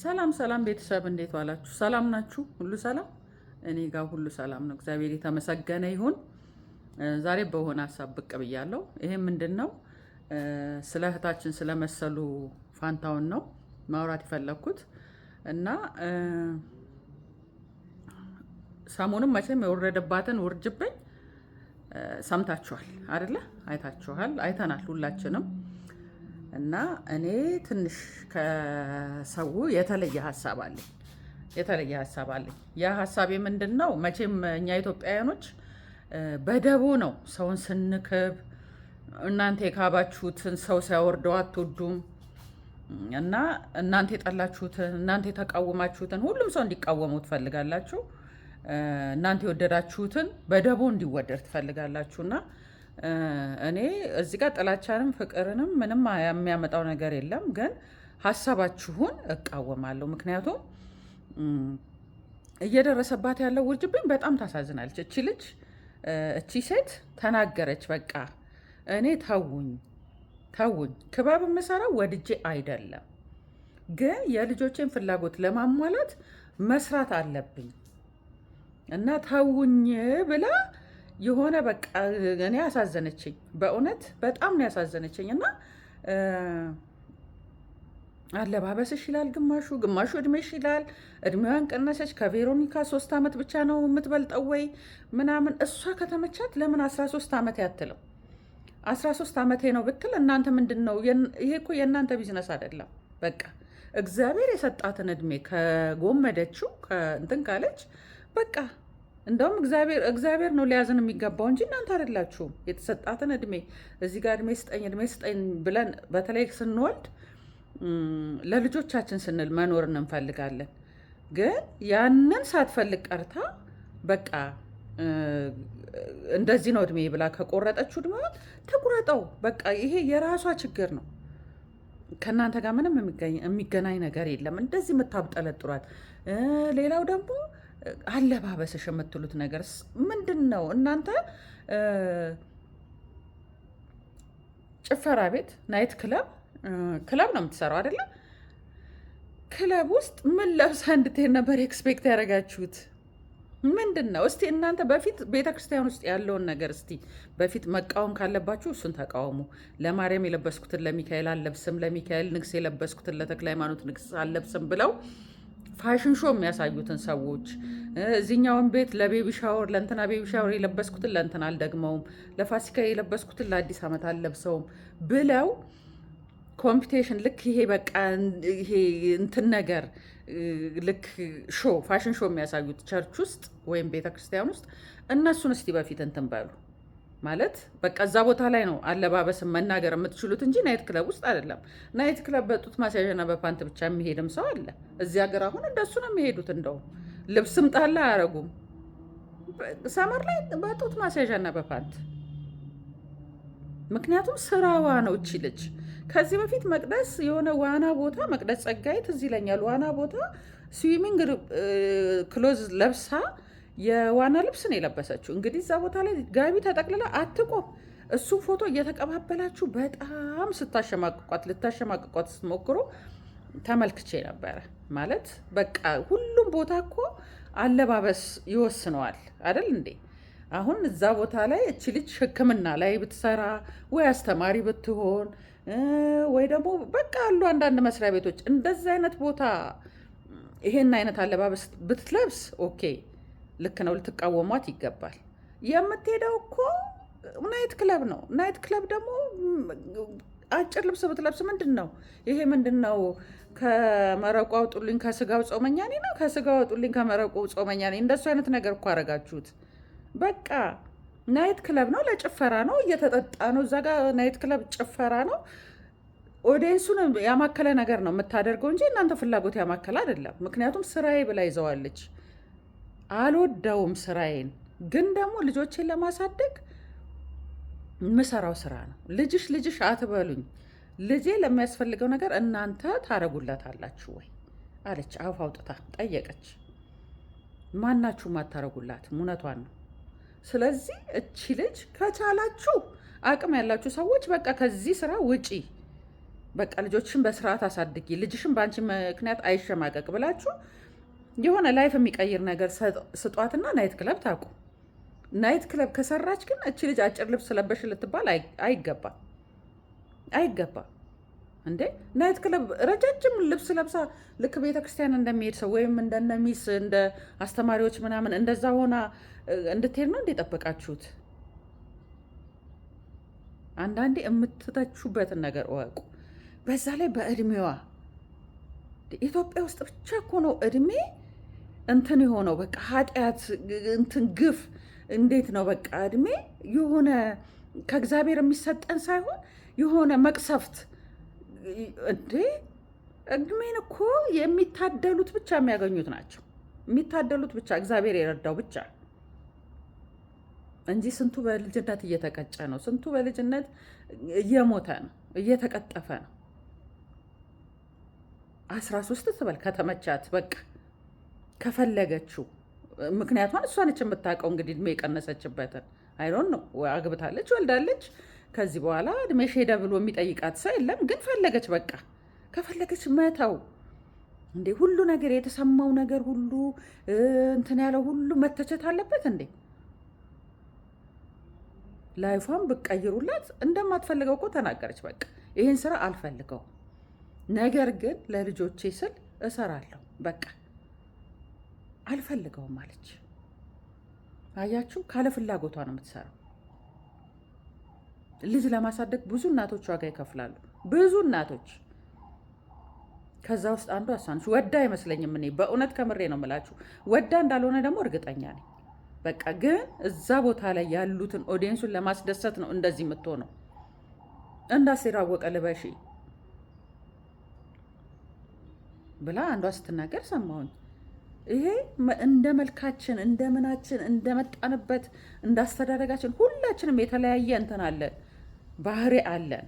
ሰላም ሰላም ቤተሰብ እንዴት ዋላችሁ? ሰላም ናችሁ? ሁሉ ሰላም? እኔ ጋር ሁሉ ሰላም ነው። እግዚአብሔር የተመሰገነ ይሁን። ዛሬ በሆነ ሀሳብ ብቅ ብያለሁ። ይሄ ምንድን ነው? ስለ እህታችን ስለ መሰሉ ፋንታውን ነው ማውራት የፈለግኩት እና ሰሞኑን መቼም የወረደባትን ውርጅብኝ ሰምታችኋል አይደለ? አይታችኋል፣ አይተናል ሁላችንም እና እኔ ትንሽ ከሰው የተለየ ሀሳብ አለኝ የተለየ ሀሳብ አለኝ። ያ ሀሳቤ ምንድን ነው? መቼም እኛ ኢትዮጵያውያኖች በደቡ ነው ሰውን ስንክብ። እናንተ የካባችሁትን ሰው ሲያወርደው አትወዱም እና እናንተ የጠላችሁትን እናንተ የተቃወማችሁትን ሁሉም ሰው እንዲቃወሙ ትፈልጋላችሁ። እናንተ የወደዳችሁትን በደቡ እንዲወደድ ትፈልጋላችሁና እኔ እዚህ ጋር ጥላቻንም ፍቅርንም ምንም የሚያመጣው ነገር የለም፣ ግን ሀሳባችሁን እቃወማለሁ። ምክንያቱም እየደረሰባት ያለው ውርጅብኝ በጣም ታሳዝናለች። እቺ ልጅ እቺ ሴት ተናገረች። በቃ እኔ ተውኝ ተውኝ፣ ክበብ የምሰራው ወድጄ አይደለም፣ ግን የልጆቼን ፍላጎት ለማሟላት መስራት አለብኝ እና ተውኝ ብላ የሆነ በቃ እኔ ያሳዘነችኝ በእውነት በጣም ነው ያሳዘነችኝ። እና አለባበስሽ ይላል ግማሹ ግማሹ እድሜሽ ይላል። እድሜዋን ቀነሰች ከቬሮኒካ ሶስት ዓመት ብቻ ነው የምትበልጠው ወይ ምናምን። እሷ ከተመቻት ለምን አስራ ሶስት ዓመት ያትለው አስራ ሶስት ዓመቴ ነው ብትል እናንተ ምንድን ነው ይሄ እኮ የእናንተ ቢዝነስ አይደለም። በቃ እግዚአብሔር የሰጣትን እድሜ ከጎመደችው ከእንትን ካለች በቃ እንደውም እግዚአብሔር ነው ሊያዝን የሚገባው እንጂ እናንተ አይደላችሁም። የተሰጣትን እድሜ እዚህ ጋር እድሜ ስጠኝ እድሜ ስጠኝ ብለን በተለይ ስንወልድ ለልጆቻችን ስንል መኖር እንፈልጋለን። ግን ያንን ሳትፈልግ ቀርታ በቃ እንደዚህ ነው እድሜ ብላ ከቆረጠችው እድሜ ተቁረጠው። በቃ ይሄ የራሷ ችግር ነው። ከእናንተ ጋር ምንም የሚገናኝ ነገር የለም። እንደዚህ የምታብጠለጥሯት ሌላው ደግሞ አለባበስሽ የምትሉት ነገር ምንድን ነው? እናንተ ጭፈራ ቤት፣ ናይት ክለብ ክለብ ነው የምትሰራው አይደለም? ክለብ ውስጥ ምን ለብሳ እንድትሄድ ነበር ኤክስፔክት ያደረጋችሁት? ምንድን ነው እስቲ እናንተ በፊት ቤተ ክርስቲያን ውስጥ ያለውን ነገር እስቲ በፊት መቃወም ካለባችሁ እሱን ተቃውሙ። ለማርያም የለበስኩትን ለሚካኤል አለብስም ለሚካኤል ንግስ የለበስኩትን ለተክለ ሃይማኖት ንግስ አለብስም ብለው ፋሽን ሾ የሚያሳዩትን ሰዎች እዚኛውን ቤት ለቤቢ ሻወር ለእንትና ቤቢ ሻወር የለበስኩትን ለእንትና አልደግመውም፣ ለፋሲካ የለበስኩትን ለአዲስ ዓመት አልለብሰውም ብለው ኮምፒቴሽን ልክ ይሄ በቃ ይሄ እንትን ነገር ልክ ሾ ፋሽን ሾ የሚያሳዩት ቸርች ውስጥ ወይም ቤተክርስቲያን ውስጥ እነሱን እስቲ በፊት እንትን በሉ። ማለት በቃ እዛ ቦታ ላይ ነው አለባበስን መናገር የምትችሉት እንጂ ናይት ክለብ ውስጥ አይደለም። ናይት ክለብ በጡት ማስያዣና በፓንት ብቻ የሚሄድም ሰው አለ። እዚህ ሀገር አሁን እንደሱ ነው የሚሄዱት። እንደውም ልብስም ጣላ አያረጉም። ሰመር ላይ በጡት ማስያዣና በፓንት ምክንያቱም ስራዋ ነው እቺ ልጅ። ከዚህ በፊት መቅደስ የሆነ ዋና ቦታ መቅደስ ጸጋይት እዚህ ይለኛል። ዋና ቦታ ስዊሚንግ ክሎዝ ለብሳ የዋና ልብስ ነው የለበሰችው። እንግዲህ እዛ ቦታ ላይ ጋቢ ተጠቅልላ አትቆም። እሱም ፎቶ እየተቀባበላችሁ በጣም ስታሸማቅቋት ልታሸማቅቋት ስትሞክሩ ተመልክቼ ነበረ። ማለት በቃ ሁሉም ቦታ እኮ አለባበስ ይወስነዋል አደል እንዴ? አሁን እዛ ቦታ ላይ እች ልጅ ሕክምና ላይ ብትሰራ ወይ አስተማሪ ብትሆን ወይ ደግሞ በቃ አሉ አንዳንድ መስሪያ ቤቶች እንደዚህ አይነት ቦታ ይሄን አይነት አለባበስ ብትለብስ ኦኬ ልክ ነው፣ ልትቃወሟት ይገባል። የምትሄደው እኮ ናይት ክለብ ነው። ናይት ክለብ ደግሞ አጭር ልብስ ብትለብስ ምንድን ነው ይሄ? ምንድን ነው ከመረቁ አውጡልኝ ከስጋው ጾመኛ ነኝ ነው ከስጋው አውጡልኝ ከመረቁ ጾመኛ ነኝ። እንደሱ አይነት ነገር እኮ አረጋችሁት። በቃ ናይት ክለብ ነው፣ ለጭፈራ ነው፣ እየተጠጣ ነው እዛ ጋ ናይት ክለብ ጭፈራ ነው። ኦዲየንሱን ያማከለ ነገር ነው የምታደርገው እንጂ እናንተ ፍላጎት ያማከለ አይደለም። ምክንያቱም ስራዬ ብላ ይዘዋለች። አልወደውም ስራዬን፣ ግን ደግሞ ልጆቼን ለማሳደግ ምሰራው ስራ ነው። ልጅሽ ልጅሽ አትበሉኝ። ልጄ ለሚያስፈልገው ነገር እናንተ ታረጉላታላችሁ ወይ አለች። አፍ አውጥታ ጠየቀች። ማናችሁም አታረጉላትም። እውነቷን ነው። ስለዚህ እቺ ልጅ ከቻላችሁ አቅም ያላችሁ ሰዎች በቃ ከዚህ ስራ ውጪ፣ በቃ ልጆችን በስርዓት አሳድጊ፣ ልጅሽን በአንቺ ምክንያት አይሸማቀቅ ብላችሁ የሆነ ላይፍ የሚቀይር ነገር ስጧትና ናይት ክለብ ታቁ። ናይት ክለብ ከሰራች ግን እቺ ልጅ አጭር ልብስ ለበሽ ልትባል አይገባ አይገባ። እንዴ ናይት ክለብ ረጃጅም ልብስ ለብሳ ልክ ቤተ ክርስቲያን እንደሚሄድ ሰው ወይም እንደነሚስ እንደ አስተማሪዎች ምናምን እንደዛ ሆና እንድትሄድ ነው እንዴ ጠበቃችሁት? አንዳንዴ የምትተቹበትን ነገር እወቁ። በዛ ላይ በእድሜዋ ኢትዮጵያ ውስጥ ብቻ እኮ ነው እድሜ እንትን የሆነው በቃ ኃጢአት እንትን ግፍ እንዴት ነው በቃ እድሜ የሆነ ከእግዚአብሔር የሚሰጠን ሳይሆን የሆነ መቅሰፍት እንዴ እድሜን እኮ የሚታደሉት ብቻ የሚያገኙት ናቸው። የሚታደሉት ብቻ እግዚአብሔር የረዳው ብቻ እንጂ ስንቱ በልጅነት እየተቀጨ ነው። ስንቱ በልጅነት እየሞተ ነው፣ እየተቀጠፈ ነው። አስራ ሶስት ትበል ከተመቻት በቃ ከፈለገችው ምክንያቷን እሷ ነች የምታውቀው። እንግዲህ እድሜ የቀነሰችበትን አይሮን ነው አግብታለች፣ ወልዳለች። ከዚህ በኋላ እድሜ ሄደ ብሎ የሚጠይቃት ሰው የለም። ግን ፈለገች፣ በቃ ከፈለገች መተው እንዴ! ሁሉ ነገር የተሰማው ነገር ሁሉ እንትን ያለው ሁሉ መተቸት አለበት እንዴ? ላይፏን ብቀይሩላት እንደማትፈልገው እኮ ተናገረች። በቃ ይህን ስራ አልፈልገው፣ ነገር ግን ለልጆቼ ስል እሰራለሁ በቃ አልፈልገውም አለች። አያችሁ፣ ካለ ፍላጎቷ ነው የምትሰራው። ልጅ ለማሳደግ ብዙ እናቶች ዋጋ ይከፍላሉ። ብዙ እናቶች ከዛ ውስጥ አንዱ አሳንሽ ወዳ አይመስለኝም። እኔ በእውነት ከምሬ ነው የምላችሁ። ወዳ እንዳልሆነ ደግሞ እርግጠኛ ነኝ። በቃ ግን እዛ ቦታ ላይ ያሉትን ኦዲየንሱን ለማስደሰት ነው እንደዚህ የምትሆነው። እንዳሴር አወቀ ልበሽ ብላ አንዷ ስትናገር ሰማሁኝ። ይሄ እንደ መልካችን እንደ ምናችን እንደመጣንበት እንዳስተዳደጋችን ሁላችንም የተለያየ እንትን አለን፣ ባህሪ አለን።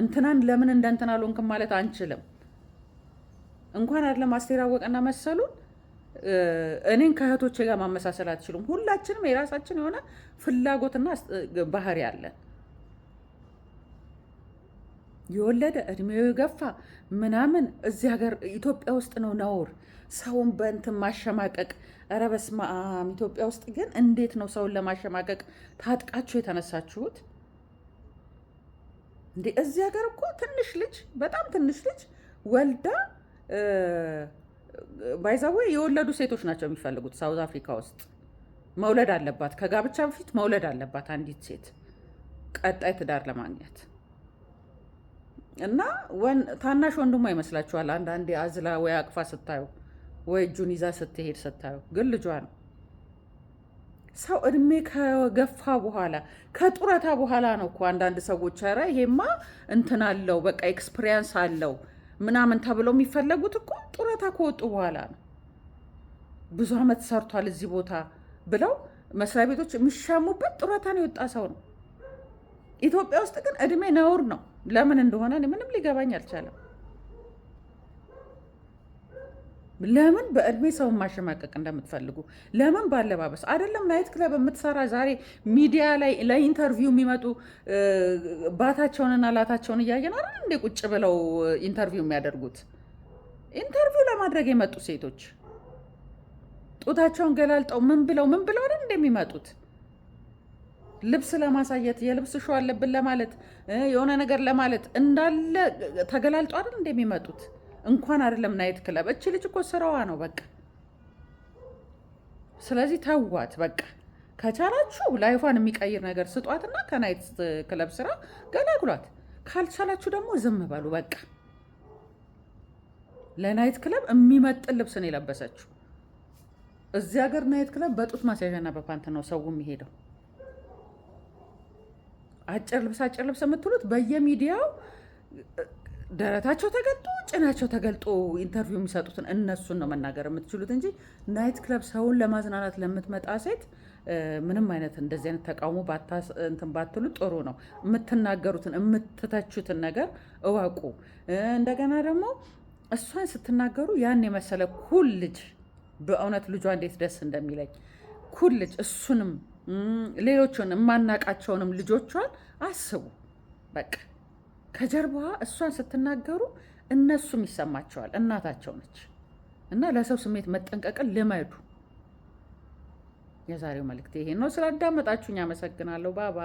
እንትናን ለምን እንደ እንትን አልሆንክም ማለት አንችልም። እንኳን አይደለም አስቴር አወቀና መሰሉን እኔን ከእህቶቼ ጋር ማመሳሰል አትችሉም። ሁላችንም የራሳችን የሆነ ፍላጎትና ባህሪ አለን። የወለደ እድሜው የገፋ ምናምን እዚህ ሀገር ኢትዮጵያ ውስጥ ነው ነውር፣ ሰውን በእንትን ማሸማቀቅ። ኧረ በስመ አብ! ኢትዮጵያ ውስጥ ግን እንዴት ነው ሰውን ለማሸማቀቅ ታጥቃችሁ የተነሳችሁት? እንዴ እዚህ ሀገር እኮ ትንሽ ልጅ በጣም ትንሽ ልጅ ወልዳ ባይዛወ የወለዱ ሴቶች ናቸው የሚፈልጉት። ሳውዝ አፍሪካ ውስጥ መውለድ አለባት፣ ከጋብቻ በፊት መውለድ አለባት አንዲት ሴት ቀጣይ ትዳር ለማግኘት እና ታናሽ ወንድሟ ይመስላችኋል። አንዳንዴ አዝላ ወይ አቅፋ ስታዩ ወይ እጁን ይዛ ስትሄድ ስታዩ፣ ግን ልጇ ነው። ሰው እድሜ ከገፋ በኋላ ከጡረታ በኋላ ነው እኮ አንዳንድ ሰዎች ኧረ ይሄማ እንትን አለው በቃ ኤክስፒሪየንስ አለው ምናምን ተብለው የሚፈለጉት እኮ ጡረታ ከወጡ በኋላ ነው። ብዙ ዓመት ሰርቷል እዚህ ቦታ ብለው መስሪያ ቤቶች የሚሻሙበት ጡረታን የወጣ ሰው ነው። ኢትዮጵያ ውስጥ ግን እድሜ ነውር ነው። ለምን እንደሆነ ምንም ሊገባኝ አልቻለም። ለምን በእድሜ ሰውን ማሸማቀቅ እንደምትፈልጉ ለምን ባለባበስ አይደለም። ናይት ክለብ የምትሰራ ዛሬ ሚዲያ ላይ ለኢንተርቪው የሚመጡ ባታቸውንና ላታቸውን እያየን አ እንዴ ቁጭ ብለው ኢንተርቪው የሚያደርጉት ኢንተርቪው ለማድረግ የመጡ ሴቶች ጡታቸውን ገላልጠው ምን ብለው ምን ብለው አይደል እንደሚመጡት ልብስ ለማሳየት የልብስ ሾ አለብን ለማለት የሆነ ነገር ለማለት እንዳለ ተገላልጦ አይደል እንደሚመጡት። እንኳን አይደለም ናይት ክለብ፣ እች ልጅ እኮ ስራዋ ነው በቃ። ስለዚህ ተዋት በቃ። ከቻላችሁ ላይፏን የሚቀይር ነገር ስጧትና ከናይት ክለብ ስራ ገላግሏት። ካልቻላችሁ ደግሞ ዝም በሉ በቃ። ለናይት ክለብ የሚመጥን ልብስ ነው የለበሰችው። እዚህ ሀገር ናይት ክለብ በጡት ማስያዣና በፓንት ነው ሰው የሚሄደው። አጭር ልብስ አጭር ልብስ የምትሉት በየሚዲያው ደረታቸው ተገልጦ ጭናቸው ተገልጦ ኢንተርቪው የሚሰጡትን እነሱን ነው መናገር የምትችሉት እንጂ ናይት ክለብ ሰውን ለማዝናናት ለምትመጣ ሴት ምንም አይነት እንደዚህ አይነት ተቃውሞ እንትን ባትሉ ጥሩ ነው። የምትናገሩትን የምትተቹትን ነገር እወቁ። እንደገና ደግሞ እሷን ስትናገሩ ያን የመሰለ ኩል ልጅ በእውነት ልጇ እንዴት ደስ እንደሚለኝ ኩል ልጅ እሱንም ሌሎቹን የማናቃቸውንም ልጆቿን አስቡ። በቃ ከጀርባዋ እሷን ስትናገሩ እነሱም ይሰማቸዋል። እናታቸው ነች እና ለሰው ስሜት መጠንቀቅን ልመዱ። የዛሬው መልእክት ይሄ ነው። ስላዳመጣችሁኝ አመሰግናለሁ። ባባ